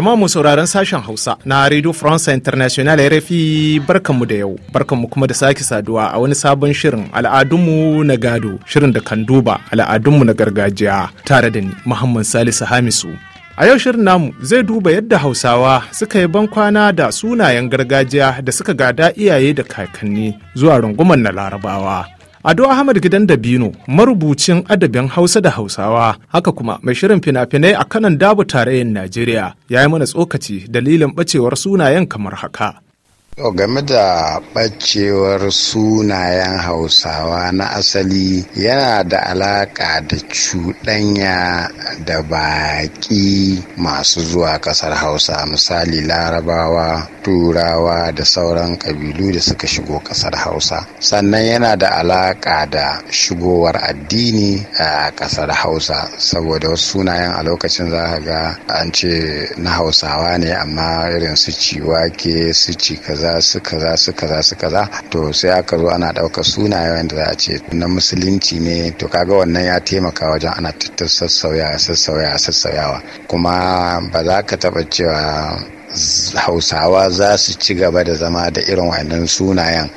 Jama'a mu sauraron sashen Hausa na Radio France International RFI barkanmu da yau. Barkanmu kuma da sake saduwa a wani sabon shirin al'adunmu na gado, shirin da kan duba al'adunmu na gargajiya tare da ni Muhammad Salisu Hamisu. A yau shirin namu zai duba yadda Hausawa suka yi bankwana da sunayen gargajiya da suka gada iyaye da kakanni zuwa rungumar na Larabawa. Ado Ahmad Gidan Dabino marubucin adabin Hausa da Hausawa haka kuma mai shirin fina-finai a kanan dabu tarayyar Najeriya ya yi mana tsokaci dalilin bacewar sunayen kamar haka. To game da ɓacewar sunayen Hausawa na asali yana da alaƙa da cuɗanya da baƙi masu zuwa ƙasar Hausa misali Larabawa, Turawa da sauran ƙabilu da suka shigo ƙasar Hausa. Sannan yana da alaƙa da shigowar addini a ƙasar Hausa saboda wasu sunayen a lokacin za ka ga an ce na Hausawa ne amma irin su ciwake su ci kaza kaza su kaza su kaza su kaza to sai aka zo ana ɗaukar sunaye wanda za a ce na musulunci ne to kaga wannan ya taimaka wajen ana sassauya sassauya sassauyawa kuma ba za ka taɓa cewa hausawa za su ci gaba da zama da irin wannan sunayen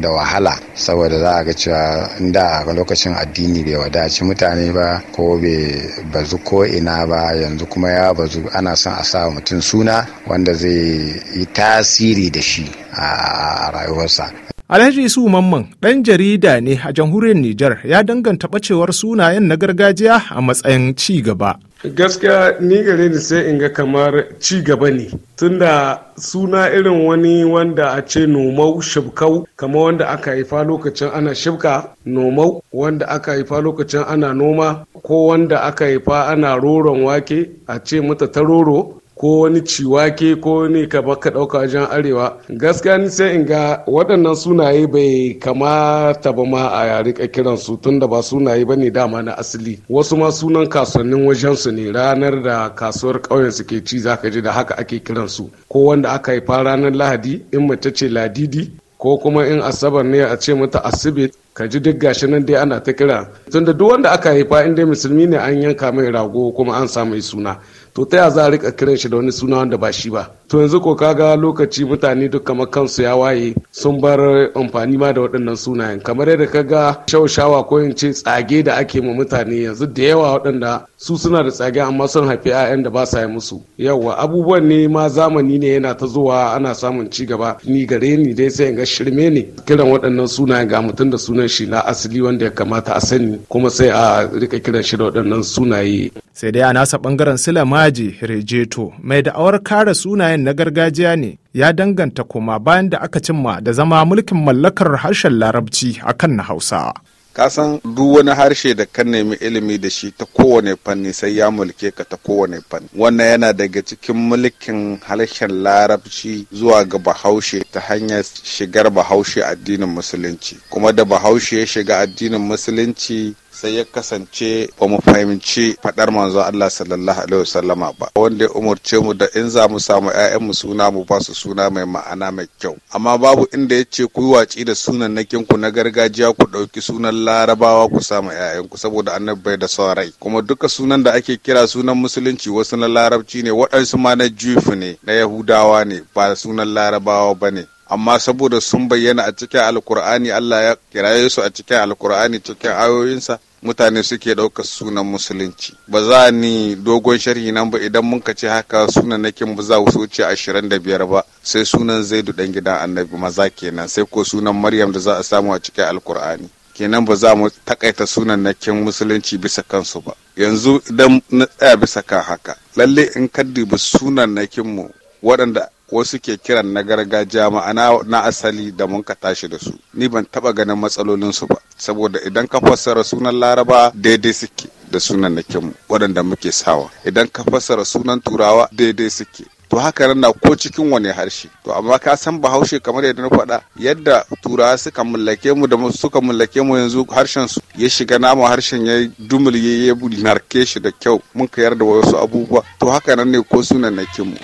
da wahala saboda za a ga cewa da lokacin addini bai wadaci mutane ba ko bai bazu ko ina ba yanzu kuma ya bazu ana son a sa mutum suna wanda zai yi tasiri da shi a rayuwarsa Alhaji Isu Mamman ɗan jarida ne a jamhuriyar Nijar ya danganta ɓacewar sunayen na gargajiya a matsayin ci gaba. gaskiya ni gare ni sai in ga kamar ci gaba ne tunda suna irin wani wanda a ce nomau shibkau kamar wanda aka haifa lokacin ana shibka nomau wanda aka haifa lokacin ana noma ko wanda aka haifa ana roron wake a ce mata ta roro ko wani ciwake ko wani ka baka ɗauka wajen arewa gaskiya ni sai in ga waɗannan sunaye bai kamata ba ma a rika kiran su tun da ba sunaye ba ne dama na asali wasu ma sunan kasuwannin wajen su ne ranar da kasuwar ƙauyen su ke ci zaka ji da haka ake kiran su ko wanda aka haifa ranar lahadi in mace ce ladidi ko kuma in asabar ne a ce mata asibit ka ji duk gashi nan dai ana ta kira tunda duk wanda aka haifa in dai musulmi ne an yanka mai rago kuma an sa mai suna to ta ya za a rika kiran shi da wani suna wanda ba shi ba to yanzu ko ga lokaci mutane duk kamar kansu ya waye sun bar amfani ma da waɗannan sunayen kamar yadda ka ga shaushawa ko in ce tsage da ake ma mutane yanzu da yawa waɗanda su suna da tsage amma sun haifi 'ya'yan da ba sa yi musu yawa abubuwan ne ma zamani ne yana ta zuwa ana samun ci gaba ni gare ni dai sai in ga shirme ne kiran waɗannan sunayen ga mutum da sunan sunan shi na asali wanda ya kamata a sani kuma sai a rika kiran shi da waɗannan sunaye sai dai a nasa bangaren silamaji rejeto mai da'awar kare sunayen na gargajiya ne ya danganta kuma bayan da aka cimma da zama mulkin mallakar harshen larabci akan na hausa kasan duk wani harshe da ka nemi ilimi da shi ta kowane fanni sai ya mulke ka ta kowane fanni wannan yana daga cikin mulkin harshen larabci zuwa ga bahaushe ta hanyar shigar bahaushe addinin musulunci kuma da bahaushe ya shiga addinin musulunci sai ya kasance ba mu fahimci faɗar manzo Allah sallallahu alaihi wasallama ba wanda ya umarce mu da in za mu samu mu suna mu ba su suna mai ma'ana mai kyau amma babu inda ya ce ku waci watsi da nakin ku na gargajiya ku ɗauki sunan larabawa ku samu ku saboda annabi bai da son kuma duka sunan da ake kira sunan musulunci wasu na larabci ne waɗansu ma na jufu ne na yahudawa ne ba sunan larabawa bane amma saboda sun bayyana a cikin alkur'ani Allah ya kiraye su a cikin alkur'ani cikin ayoyinsa mutane suke ɗaukar sunan musulunci ba za ni dogon sharhi nan ba idan mun ce haka sunan nakin ba za wuce ashirin da biyar ba sai sunan zaidu dan gidan annabi maza kenan sai ko sunan maryam da za a samu a cikin alkur'ani kenan ba za mu takaita sunan nakin musulunci bisa kansu ba yanzu idan na tsaya bisa kan haka lalle in ka dubi sunan nakin mu waɗanda wasu ke kiran na gargajiya ma'ana na asali da mun ka tashi da su ni ban taba ganin matsalolin su ba saboda idan ka fassara sunan laraba daidai suke da sunan na nakinmu waɗanda muke sawa idan ka fassara sunan turawa daidai suke to haka na ko cikin wani harshe to amma ka san bahaushe kamar yadda na faɗa yadda turawa suka mallake mu da suka mallake mu yanzu harshen su ya shiga namu harshen ya dumulye ya narke shi da kyau mun kayar da wasu abubuwa to haka nan ne ko sunan na mu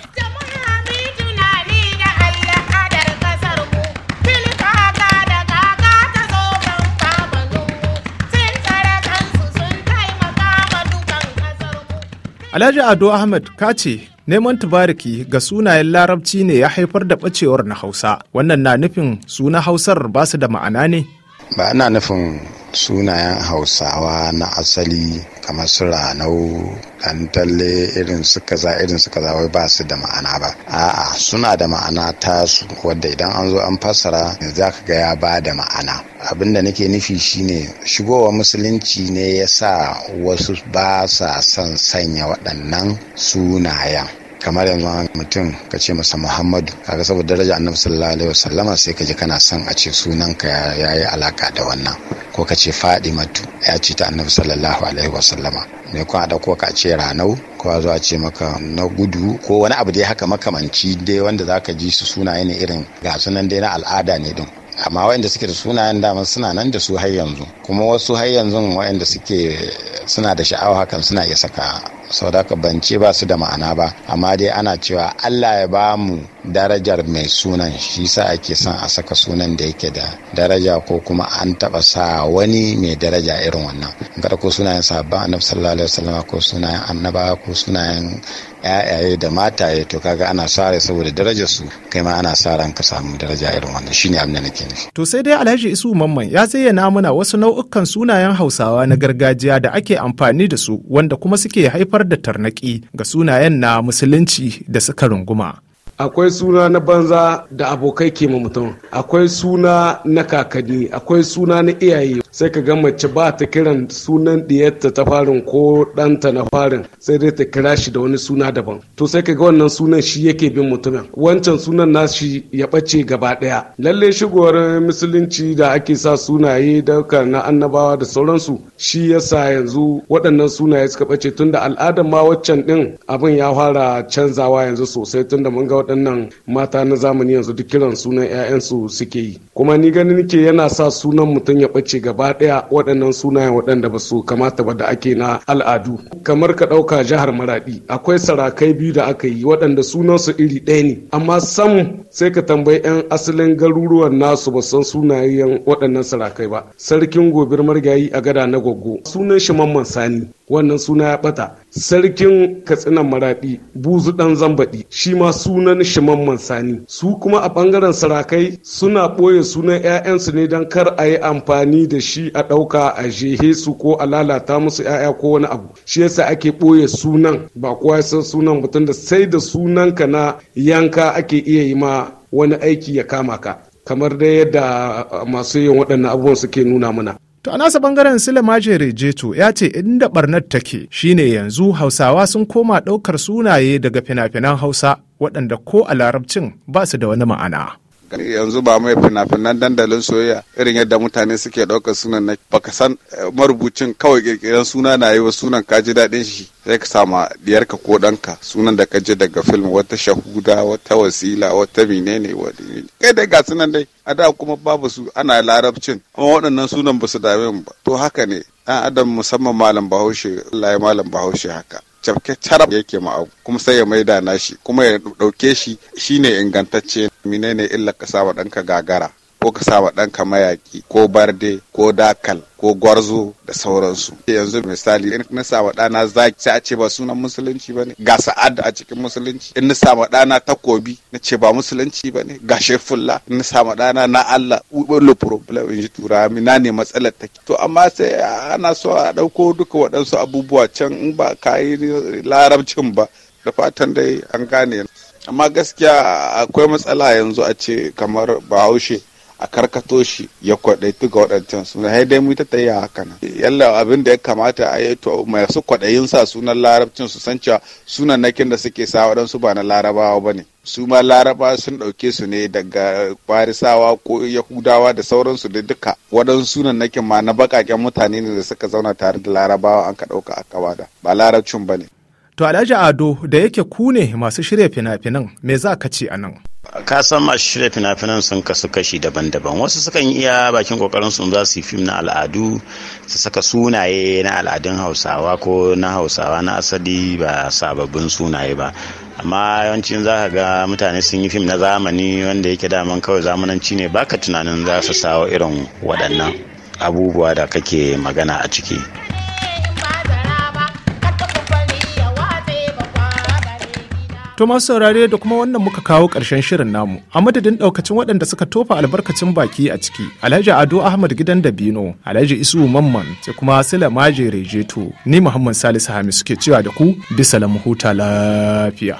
Alhaji Ado Ahmed ka ce neman tubariki ga sunayen larabci ne ya haifar da ɓacewar na Hausa. Wannan na nufin suna Hausar ba su da ma'ana ne? Ba ana nufin sunayen hausawa na asali kamar su ranau kantalle irin su kaza irin su kaza wai ba su da ma'ana ba a'a suna da ma'ana ta su wadda idan an zo an fassara za ka ga ya ba da ma'ana abin da nake nufi shine shigowa musulunci ne ya sa wasu ba sa son sanya waɗannan sunayen kamar yanzu mutum ka ce masa muhammadu kaga saboda daraja annabi sallallahu alaihi wasallama sai ka ji kana son a ce ka ya yi alaka da wannan ko ka ce fadimatu ya ce ta annabi sallallahu alaihi wasallama mai kuma da ko ka ce ranau ko a zo a ce maka na gudu ko wani abu dai haka makamanci dai wanda za ka ji su sunaye ne irin ga sunan dai na al'ada ne din amma waɗanda suke da sunayen dama suna nan da su har yanzu kuma wasu har yanzu waɗanda suke suna da sha'awa hakan suna iya saka saboda ban ce ba su da ma'ana ba amma dai ana cewa allah ya ba mu darajar mai sunan shi sa ake son a saka sunan da yake da daraja ko kuma an taba sa wani mai daraja irin wannan kada ko sunayen sabbin annabi sallallahu alaihi wasallam ko sunayen annaba ko sunayen yayaye da mataye to kaga ana sare saboda darajar su kai ma ana sa an ka samu daraja irin wannan shine abin da nake nufi to sai dai Alhaji Isu Mamman ya zayyana mana wasu nau'ukan sunayen Hausawa na gargajiya da ake amfani da su wanda kuma suke haifar haifar da tarnaki ga sunayen na musulunci da suka runguma. akwai suna na banza da abokai ke mutum akwai suna na kakanni akwai suna na iyaye sai ka ga mace ba ta kiran sunan diyarta ta farin ko ɗanta na farin sai dai ta kira shi da wani suna daban to sai ka ga wannan sunan shi yake bin mutumin wancan sunan nashi ya bace gaba ɗaya lalle shigowar musulunci da ake sa sunaye dauka na annabawa da sauransu shi yasa yanzu waɗannan sunaye suka bace tunda al'adar ma waccan ɗin abin ya fara canzawa yanzu sosai tunda mun ga waɗannan mata na zamani yanzu duk kiran sunan 'ya'yansu suke yi kuma ni ganin ke yana sa sunan mutum ya bace gaba gaba ɗaya waɗannan sunayen waɗanda ba su kamata ba da ake na al'adu kamar ka ɗauka jihar maraɗi akwai sarakai biyu da aka yi waɗanda sunansu iri ɗaya ne amma sam sai ka tambayi 'yan asalin garuruwan nasu ba san sunayen waɗannan sarakai ba sarkin gobe margayi a gada na goggo sunan shi mamman sani wannan suna ya bata sarkin katsinan maraɗi buzu ɗan zambaɗi shi ma sunan shimamman sani su kuma a ɓangaren sarakai suna ɓoye sunan 'ya'yansu ne don kar a yi amfani da shi a ɗauka a jehe su ko a lalata musu 'ya'ya ko wani abu shi yasa ake ɓoye sunan ba kowa ya san sunan mutum da sai da sunan ka na yanka ake iya yi ma wani aiki ya kama ka kamar dai yadda masu yin waɗannan abubuwan suke nuna mana To a nasa bangaren Sule Majere Jeto ya ce inda barnar take shine yanzu Hausawa sun koma ɗaukar sunaye daga fina-finan Hausa waɗanda ko a larabcin ba su da wani ma'ana. yanzu ba mai fina-finan dandalin soyayya irin yadda mutane suke ɗaukar sunan na baka san eh, marubucin kawai kirkiran suna na yi wa sunan ka ji daɗin shi sai ka sama diyarka ko ɗanka sunan da ka ji daga film wata shahuda wata wasila wata menene wani kai dai ga sunan dai a da kuma babu su ana larabcin amma waɗannan sunan ba su dame ba to haka ne ɗan adam musamman malam bahaushe Allah ya malam bahaushe haka cafke ya yake ma kuma sai ya maida shi. kuma ya dauke shi shine ingantacce menene illa ka sa wa ɗanka gagara ko ka sa wa ɗanka mayaƙi ko barde ko dakal ko gwarzo da sauransu yanzu misali in na sama ɗana zaki sai a ce ba sunan musulunci ba ne ga sa'ad a cikin musulunci in na sama ɗana takobi na ce ba musulunci ba ne ga shefulla in na sama ɗana na Allah wani problem in ji tura na ne matsalar take to amma sai ana so a ɗauko duka waɗansu abubuwa can in ba ka yi larabcin ba da fatan dai an gane amma gaskiya akwai matsala yanzu a ce kamar bahaushe a karkato shi ya kwaɗaitu ga waɗancan suna sai dai mu ta tayya haka nan yalla abin da ya kamata a yi to masu kwaɗayin sa sunan larabcin su san cewa sunan nakin da suke sa waɗansu ba na larabawa ba ne su ma laraba sun ɗauke su ne daga farisawa ko yahudawa da sauransu da duka waɗansu sunan nakin ma na bakaken mutane ne da suka zauna tare da larabawa an ka ɗauka a kawada ba larabcin ba ne. to alhaji ado da yake ku ne masu shirya fina-finan me za ka ce a nan. ka san masu shirya fina-finan sun kasu kashi daban-daban wasu sukan iya bakin kokarin su za su yi fim na al'adu su saka sunaye na al'adun hausawa ko na hausawa na asali ba sababbin sunaye ba amma yawancin za ka ga mutane sun yi fim na zamani wanda yake daman kawai zamananci ne baka tunanin za su sawo irin waɗannan abubuwa da kake magana a ciki To masu saurare da kuma wannan muka kawo karshen shirin namu, a madadin ɗaukacin waɗanda suka tofa albarkacin baki a ciki, Alhaji Ado Ahmad Gidan da bino Alhaji Isu Mamman, sai kuma Sila Maje Rejeto, ni Muhammad Salisu Hamisu ke cewa da ku bisa lamu huta lafiya.